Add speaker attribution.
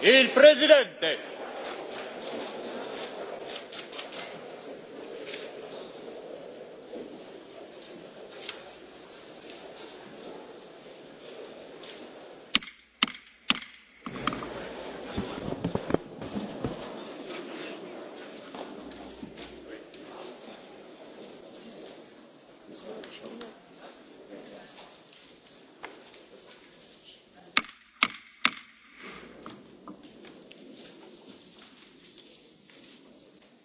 Speaker 1: Il presidente.